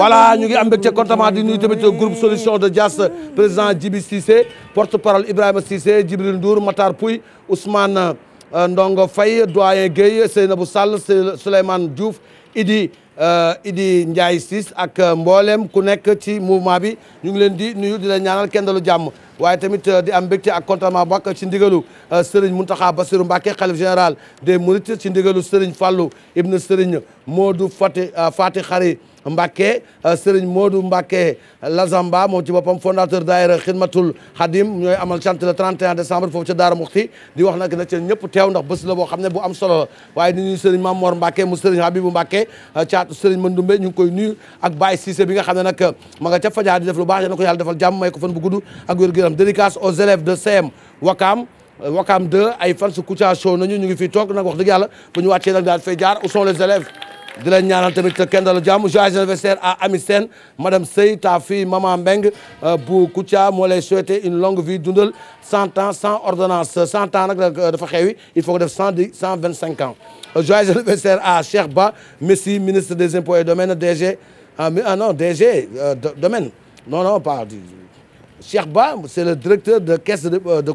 voilà ñu ngi am mbégte contentement di nuyu tamit groupe solution de Dias président Djibi Cissé porte parole Ibrahima Cissé Djibril Ndour Matar Pouy Ousmane euh, Ndongo Faye doyen Guèye Seynabou Sall Souleymane Diouf Idi. Euh, Idi Ndiaye Ciss ak euh, mboolem ku nekk ci mouvement bi ñu ngi leen di nuyu di la ñaanal kenn dalu jàmm waaye tamit euh, di am mbégte ak contentement bu mag ci ndigalu Serigne Mountakha Bassirou Mbacké xalif général des Mourides ci ndigalu Serigne Fallou Ibn Serigne Modou Fati Fati Khari Mbacke euh, Serigne Modou Mbacke euh, Lazamba moom ci boppam fondateur daayira Xidmatul Xadim ñooy amal cant le 31 décembre foofu ca Daara Muxti di wax nag na ci ñëpp teew ndax bés la boo xam ne bu am solo la waaye ni ñuy Serigne Mamor Mbacke mu Serigne Habibou Mbacke euh, caatu Serigne Mandoumbe ñu ngi koy nuyu ak Baye Cissé nga xam ne nag ma nga di def lu baax yal na ko defal jàmm may ko fan bu gudd ak wér-gu-yaram dédicace aux élèves de di leen ñaanal tamit kenn dalu jàmm joyeux anniversaire à Ami Sène madame Sey ta fille maman euh, bu Koutia moo lay souhaiter une longue vie dundal cent ans sans ordonnance euh, dafa xewi il faut def cent dix cent vingt cinq ans euh, joyeux à Cheikh Ba Messi ministre des impôts et domaines DG ah non DG domaine non non pas Cheikh Ba c'est le directeur de caisse de de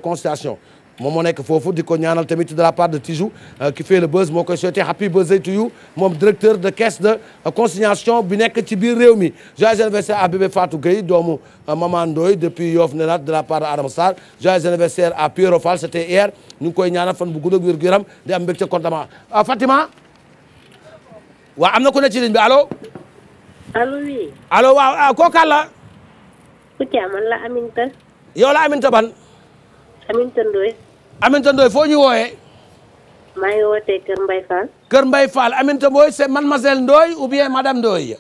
moom moo nekk foofu di ko ñaanal tamit de la part de Tijou euh, qui fait moo koy souhaité happy birthday to you moom directeur de caisse de euh, consignation bi nekk ci biir réew mi joyeux anniversaire à bébé Fatou Gueye doomu euh, Maman Ndoye depuis Yoff de la part de Adam Sarr anniversaire à Pierre Fall c'était hier ñu ngi koy ñaanal fan bu gudd ak wér gu yaram di am mbégte kontaan Fatima waaw am na ko ne ci ligne bi allo allo oui allo waaw ah, kooku la la Aminta yow la Aminta Aminata Ndoye. foo ñu wooyee. maa ngi wootee Kër Mbaye Fall. Kër Mbaye Fall Aminata Ndoye c'est mademoiselle Ndoye ou bien madame Ndoye.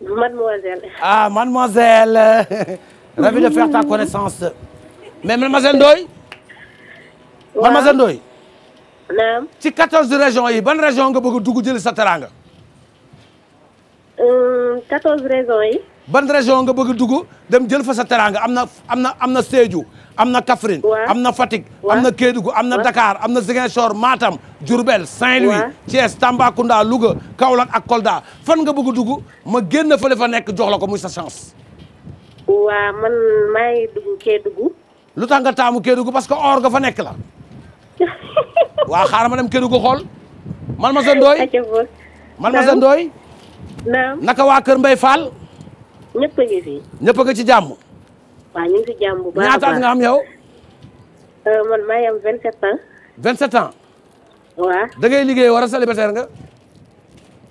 mademoiselle. ah mademoiselle. ravi de faire ta connaissance. mais mademoiselle Ndoye. mademoiselle Ndoye. naam. quatorze régions yi ban région nga bëgg a dugg jëli sa teraanga. Euh, quatorze régions yi. ban région nga bëgg a dugg dem jël fa sa teraanga am na am na am na Sédhiou am na Kaffrine am na Fatick am na Kédougou am na Dakar am na Ziguinchor maatam Diourbel Saint-Louis Thiès Tambacounda Louga Kaolack ak Kolda fan nga bëgg a dugg ma génn fële fa nekk jox la ko muy sa chance waaw man maa ngi dugg Kédougou lu tax nga taamu Kédougou parce que or nga fa nekk la waa xaaral ma dem Kédougou xool man ma sa ndooy man ma sa waa kër Mbay Fall ñëpp a ngi ci jàmm. waaw ñu ngi ci jàmm bu nga am yow. Euh, man maa ngi am 27 ans. da ngay liggéey war a célibataire nga.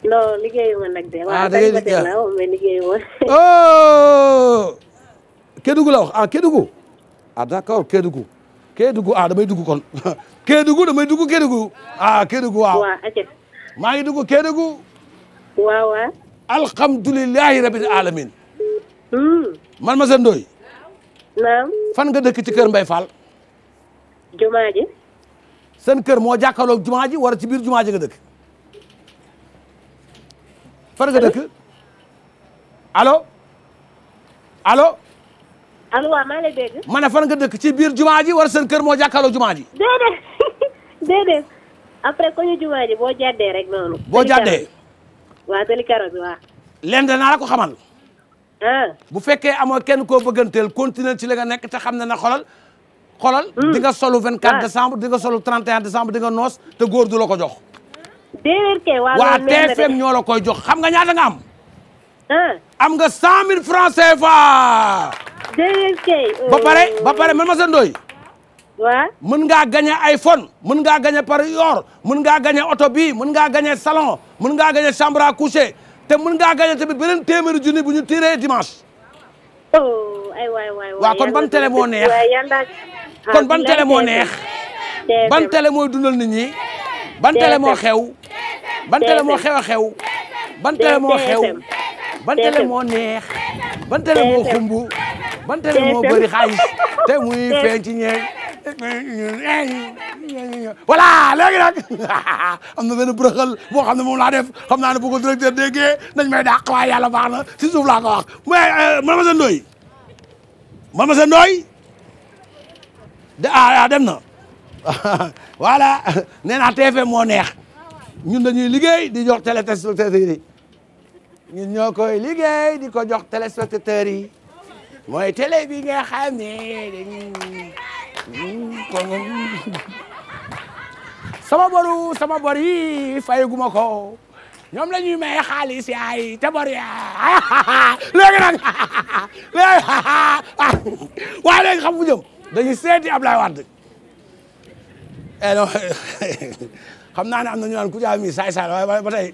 non liggéeyu ma nag de. ah liggéey waaw mais liggéeyu ma. oh. Kédougou la wax ah Kédougou. ah d'accord Kédougou. Kédougou ah damay dugg kon Kédougou damay dugg Kédougou ah Kédougou waaw. waaw ok. maa ngi dugg Kédougou. waaw waaw. alhamdulilahi rabil alamin man hmm. ma seen Ndoye. fan nga dëkk ci kër mbay fal jumaa ji. seen kër moo jàkkaarloog jumaa ji wala ci biir jumaa ji nga dëkk. fan nga dëkk allo allo. allo ma ne fan nga dëkk ci biir jumaa ji wala seen kër moo jàkkaarloog jumaa ji. déedéet déedéet après ko ñu jumaa ji boo jàddee rek noonu. boo jàddee. waaw tëli karo bi waaw. lenn ko xamal. Eh. bu fekkee amoo kenn koo bëgganteel continuer ci li nga nekk te xam ne na xolal xolal hmm. di nga solu 24 décembre di nga solu 31 décembre di nga noos te góor du la ko jox déedéet kay waa TFM ñoo la koy jox xam nga ñaata nga am eh. am nga 100000 francs CFA déedéet kay eh. ba pare ba pare man ma sa ndooy waaw mën ngaa gagné iPhone mën ngaa gagné par yor mun ngaa gagné oto bii mën ngaa gagné salon mun ngaa gagné chambre à coucher te mën ngaa gagné tamit beneen téeméeri junni bu ñu tiré dimanche. oh ay waay waay waaw kon ban télé moo neex ah, kon ban télé moo neex. ban télé mooy dundal ban télé moo xew. ban télé moo xew a xew. ban télé moo xew. ban télé moo neex. ban télé moo xumbu. ban télé moo bëri xaalis te muy feeñ ci ñeeg voilà léegi am na benn bërëxal boo xam ne moom laa def xam naa ne bu ko directeur déggee nañ may dàq waaye yàlla baax na si suuf laa ma seen ndooy ma seen ndooy de ah, ah na voilà nee naa TFM moo neex ñun dañuy liggéey di jox téléspectateurs yi ñun di ko jox téléspectateurs yi mooy télé bi nga xam ne sama boru sama bor yi fayaguma ko ñoom la ñuy may xaalis yaay te bor yaa léegi nag léegi waaye léegi xam fu jëm dañuy seeti Ablaye Wade eh non xam naa ne am na ñu naan ku jaa mi saay saay waaye ba tey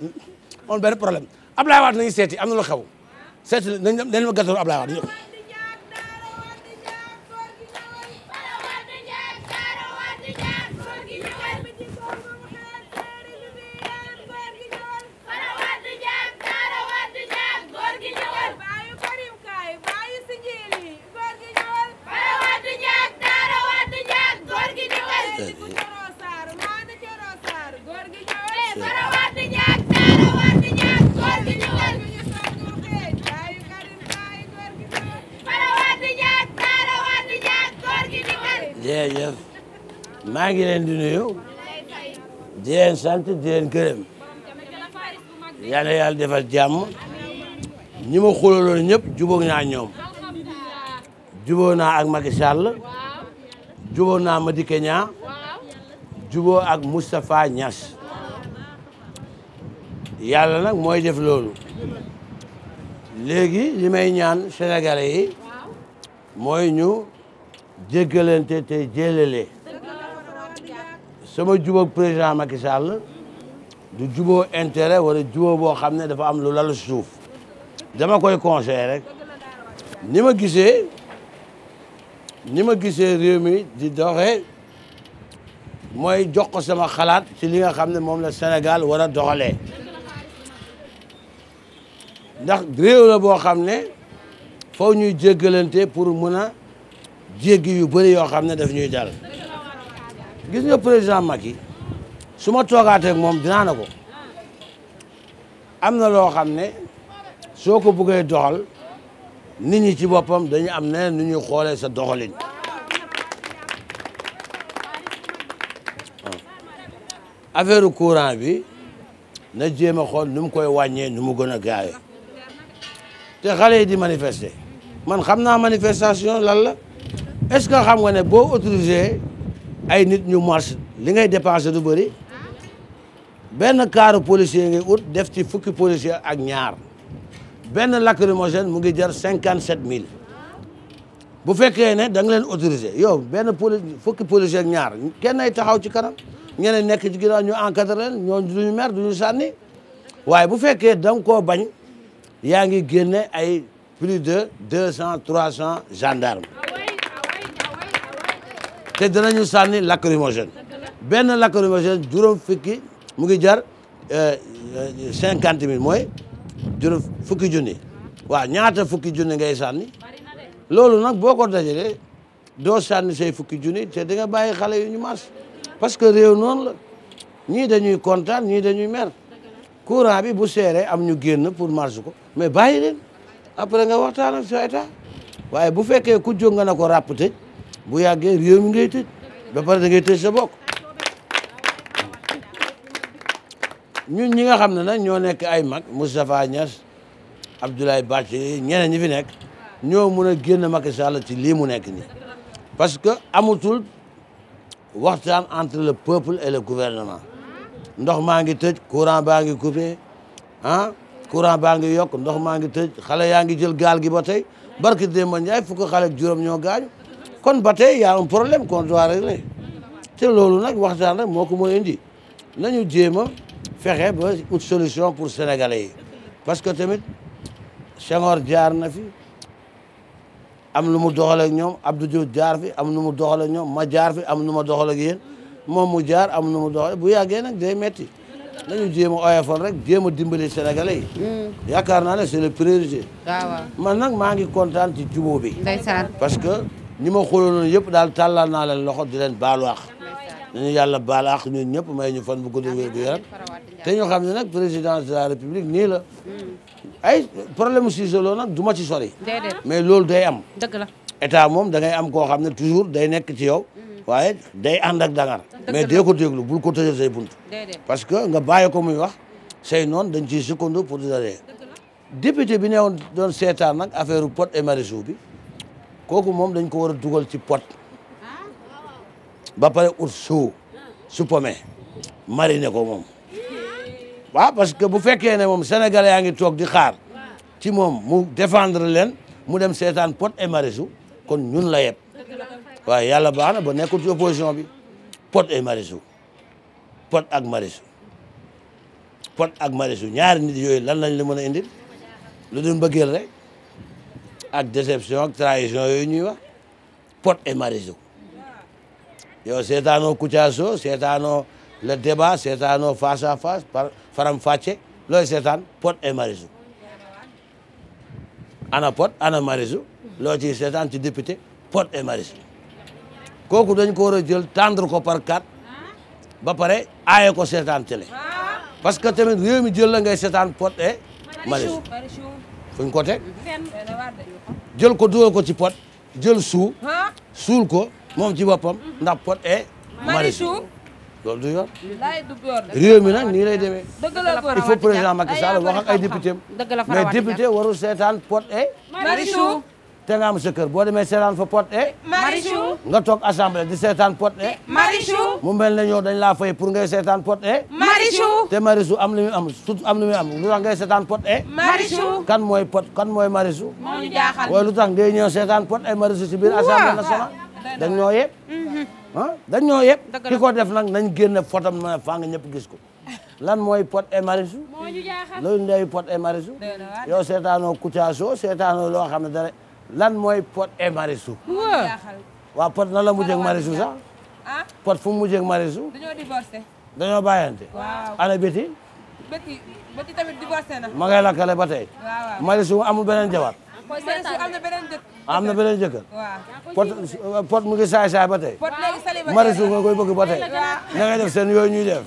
on benn problème Ablaye Wade nañu seeti am na lu xew seeti nañ dem dañ ma gàttal Ablaye Wade jërëjëf maa ngi leen di nuyu di leen sant di gërëm yal na yàlla defal jàmm ñi ma xulaloon ñëpp jubóog naa ñoom juboo naa ak Macky Sall jubóo naa madikeña juboo ak Moustapha Niass yàlla nag mooy def loolu léegi li may ñaan Sénégalais yi mooy ñu jéggalante te jéelale sama jubóog président Macky Sall du juboo intérêt wala juboo boo xam ne dafa am lu lalu suuf dama koy conseillé rek ni ma gisee ni ma gisee réew mi di doxe mooy jox sama xalaat ci li nga xam ne moom la Sénégal war a doxalee ndax réew la boo xam ne faw ñuy jéggalante pour mën a jéggi yu bëri yoo xam ne daf ñuy dal gis nga président Macky su ma toogaateeg moom dinaa na ko am na loo xam ne soo ko bëggee doxal nit ñi ci boppam dañu am ne nu ñuy xoolee sa doxalin ah. affaire courant bi na jéem a xool nu mu koy wàññee nu mu gën a gaawee te xale yi di manifester man xam naa manifestation lan la est-ce que xam nga ne boo autorisé ay nit ñu marche li ngay dépensé du bëri benn kaaru policier ngay ut def ci fukki policier ak ñaar benn lacrymogène mu ngi jar cinquante sept mille bu fekkee ne danga leen autorisé yow benn poli fukki policier ak ñaar kenn ay taxaw ci kanam ñeneen nekk ci ginnaaw ñu encadré leen ñoo duñu mer duñu sànni waaye bu fekkee da ko bañ yaa ngi génne ay plus de deux cent trois cent gendarmes te danañu sànni lacrymogène benn lacrymogène juróom fukki mu ngi jar euh, cinquante mille mooy juróom fukki junni waaw ñaata fukki junni ngay sànni loolu nag boo ko dajalee doo sànni say fukki junni te da nga bàyyi xale yu ñu mas parce que réew noonu la ñii dañuy kontaan ñii dañuy mer courant bi bu seeree am ñu génn pour marche ko mais bàyyi leen après nga waxtaan ak sa waaye bu fekkee ku jóg nga na ko ràpp tëj bu yàggee réew mi ngay tëj ba pare da ngay tëj sa bokk ñun ñi nga xam ne nag ñoo nekk ay mag Moustapha Niass Abdoulaye Bathily ñeneen ñi fi nekk ñoo mun a génn Macky Sall ci lii mu nekk nii parce que amutul waxtaan entre le peuple et le gouvernement ndox maa ngi tëj courant baa ngi coupé ah courant baa ngi yokk ndox maa ngi tëj xale yaa ngi jël gaal gi ba tey barki Demba Ndiaye fukk xale ak juróom ñoo gaañu kon ba tey y problème qu'on doit régler te loolu nag waxtaan rek moo ko mooy indi nañu jéem jéema fexe ba une solution pour sénégalais yi parce que tamit Senghor jaar na fi am lu mu doxal ñoom Abdou Diouf jaar fi am lu mu doxal ñoom ma jaar fi am lu ma doxal ak moom mu jaar am lu mu doxal bu yàggee nag day metti nañu jéem a oyofal rek jéem a dimbali sénégalais yi. Mm. yaakaar naa ne c'est la priorité. man nag maa ngi kontaan ci jubóo bi. ñi ma xooloon yëpp daal tàllal naa leen loxo di leen baalu àq nañu yàlla baal àq ñun ñëpp may ñu fan bu gudd wér gu yaram te ñu xam ne nag présidence de la république nii la ay problème Cissé loo nag du ma ci sori mais loolu day am dëgg la état moom da ngay am koo xam ne toujours day nekk ci yow mm. waaye day ànd ak dangar mais dee ko déglu bul ko tëjal say bunt parce que nga bàyyi ko muy wax say noon dañ ciy seconde pour di député bi neewoon doon seetaan nag affaire Pod et Marichou bi kooku moom dañ ko war a dugal ci pot ba pare ut suu su pome marine ko moom waaw parce que bu fekkee ne moom sénégalais yaa ngi toog di xaar ci moom mu défendre leen mu dem seetaan pot et marichou kon ñun la yeb waaye yàlla baax na ba nekkul ci opposition bi pot et marichou pot ak marichou pot ak marichou ñaari nit yooyu lan lañ la mën a indi lu dul mbëggeel rek ak déception ak trahison yooyu ñuy wax Pod et Marichou yow seetaanoo Kouthia Show seetaanoo le débat seetaanoo face à face par faram fàcce looy seetaan Pod et Marichou ana Pod ana Marichou loo ciy seetaan ci député Pod et Marichou kooku dañ ko war a jël tendre ko par quatre ba pare aaye ko seetaan télé ah. parce que tamit réew jël la ngay seetaan Pod et Marichou fuñ ko teg jël ko dugal ko ci pot jël suu suul ko moom ci boppam ndax pot et Marichou loolu du yoon réew mi nag nii lay demee il faut président Macky Sall wax ak ay député mais député warul seetaan pot et Marichou te nga am sa kër boo demee seetaan fa eh? nga toog assemblée di seetaan pot e Marichou mu mel ne ñoo dañ laa fay pour ngay seetaan pot e Marichou te Marichou am lu muy am am lu muy am lu tax ngay seetaan pot kan mooy pot kan mooy Marichou moo lu tax ngay ñëw seetaan pot e Marichou si biir assemblée nationale dañ ñoo yëpp mhm. ah dañ ñoo yëpp ki ko def nag nañ génne fotam na faa nga ñëpp gis ko lan mooy Pod et Marichou loolu ndeyu pot et Marichou yoo seetaanoo Kouthia Show loo xam ne dara lan mooy pot et Marichou. waaw pot nan la mujjee ak Marichou sax. Ah? pot fu mu mujjee ak Marichou. dañoo divorcé. ana Betty. Betty Betty tamit divorcé na. ma lakkale ba tey. waaw waaw beneen jabar. am na beneen jëkkër. am na beneen jëkkër. pot pot mu ngi saay saay ba tey. pot léegi sali marisu nga koy bëgg ba tey. na ngay def seen yooyu ñuy def.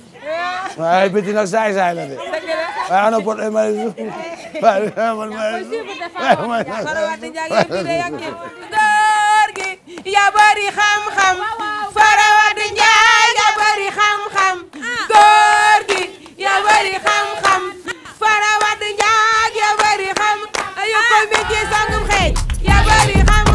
waaye biti nag saay saay la de. waaye ana pot ay marisu. waaye man marisu. góor gi ya bari xam-xam. Farawat Njaay ya bari xam-xam. Ah. góor gi ya bari xam-xam. Farawat Njaay. koy bëggee sangum xeej yaa bari xam